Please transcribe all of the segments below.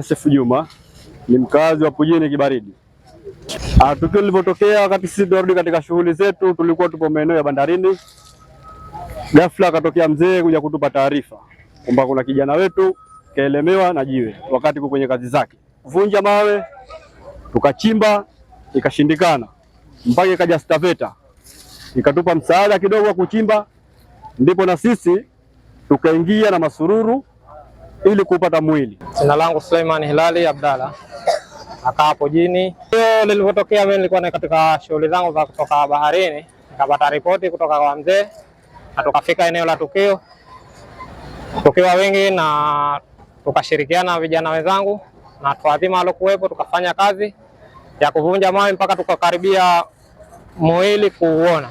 Sefu Juma ni mkazi wa Pujini Kibaridi. Ah, tukio lilivyotokea wakati sisi tunarudi katika shughuli zetu, tulikuwa tupo maeneo ya bandarini, ghafla akatokea mzee kuja kutupa taarifa kwamba kuna kijana wetu kaelemewa na jiwe wakati ku kwenye kazi zake, kuvunja mawe, tukachimba ikashindikana, mpaka ikaja Staveta ikatupa msaada kidogo wa kuchimba, ndipo na sisi tukaingia na masururu ili kupata mwili. Jina langu Suleiman Hilali Abdalla, nakaa hapo Jini. Hiyo lilivyotokea, mimi nilikuwa katika shughuli zangu za kutoka baharini, nikapata ripoti kutoka kwa mzee na tukafika eneo la tukio tukiwa wengi na tukashirikiana vijana wenzangu na watu wazima waliokuwepo, tukafanya kazi ya kuvunja mawe mpaka tukakaribia mwili kuuona,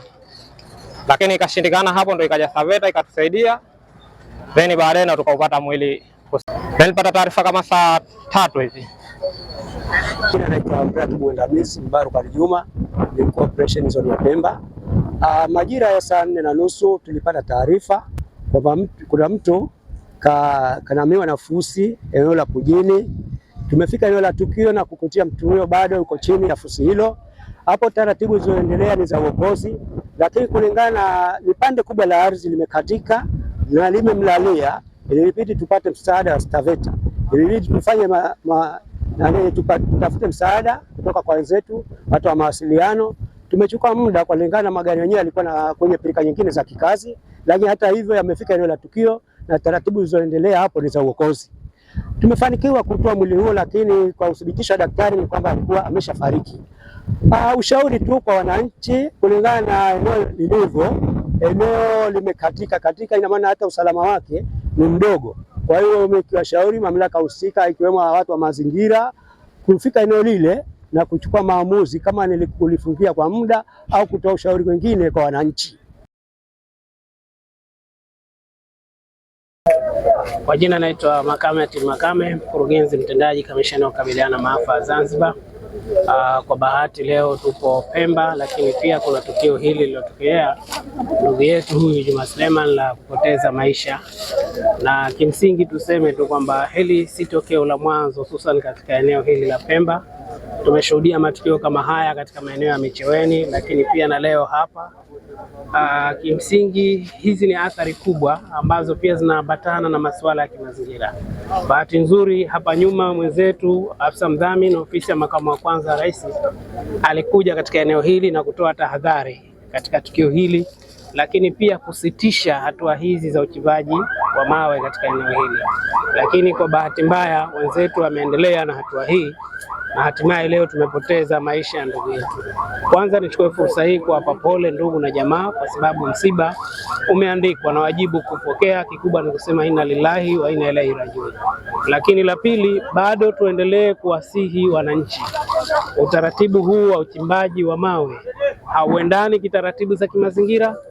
lakini ikashindikana. Hapo ndo ikaja Saveta ikatusaidia, then baadaye ndo tukaupata mwili na nilipata yaani taarifa kama saa tatu hivi. Naitwa Mratibu Mwandamizi Mbaruka ni nilikuwa operation zone ya Pemba. Uh, majira ya saa nne na nusu tulipata taarifa kwamba kuna mtu ka, kanamiwa na fusi eneo la Pujini. Tumefika eneo la tukio na kukutia mtu huyo bado yuko chini ya fusi hilo. Hapo taratibu zilizoendelea ni za uokozi, lakini kulingana na lipande kubwa la ardhi limekatika na limemlalia ilibidi tupate msaada wa STAVETA, ilibidi tufanye ma, ma, nani tutafute msaada kutoka kwa wenzetu watu wa mawasiliano. Tumechukua muda kwa lingana na magari yenyewe yalikuwa na kwenye pilika nyingine za kikazi, lakini hata hivyo yamefika eneo la tukio na taratibu zilizoendelea hapo ni za uokozi. Tumefanikiwa kutoa mwili huo, lakini kwa uthibitisho wa daktari ni kwamba alikuwa ameshafariki. Uh, ushauri tu kwa wananchi kulingana na eneo lilivyo, eneo limekatika katika, ina maana hata usalama wake ni mdogo. Kwa hiyo umekiwashauri mamlaka husika ikiwemo watu wa mazingira kufika eneo lile na kuchukua maamuzi kama nilikulifungia kwa muda au kutoa ushauri wengine kwa wananchi. Kwa jina naitwa Makame Atin Makame, mkurugenzi mtendaji kamisheni wa kukabiliana na maafa Zanzibar. Uh, kwa bahati leo tupo Pemba, lakini pia kuna tukio hili lililotokea ndugu yetu huyu Juma Suleiman la kupoteza maisha, na kimsingi tuseme tu kwamba hili si tokeo la mwanzo, hususan katika eneo hili la Pemba. Tumeshuhudia matukio kama haya katika maeneo ya Micheweni, lakini pia na leo hapa. Aa, ah, kimsingi hizi ni athari kubwa ambazo pia zinaambatana na masuala ya kimazingira. Bahati nzuri hapa nyuma mwenzetu afisa mdhamini ofisi ya makamu wa kwanza rais alikuja katika eneo hili na kutoa tahadhari katika tukio hili, lakini pia kusitisha hatua hizi za uchimbaji wa mawe katika eneo hili, lakini kwa bahati mbaya wenzetu wameendelea na hatua hii na hatimaye leo tumepoteza maisha ya ndugu yetu. Kwanza nichukue fursa hii kuwapa pole ndugu na jamaa, kwa sababu msiba umeandikwa na wajibu kupokea. Kikubwa ni kusema inna lillahi wa inna ilaihi rajiun. Lakini la pili, bado tuendelee kuwasihi wananchi, utaratibu huu wa uchimbaji wa mawe hauendani kitaratibu za kimazingira.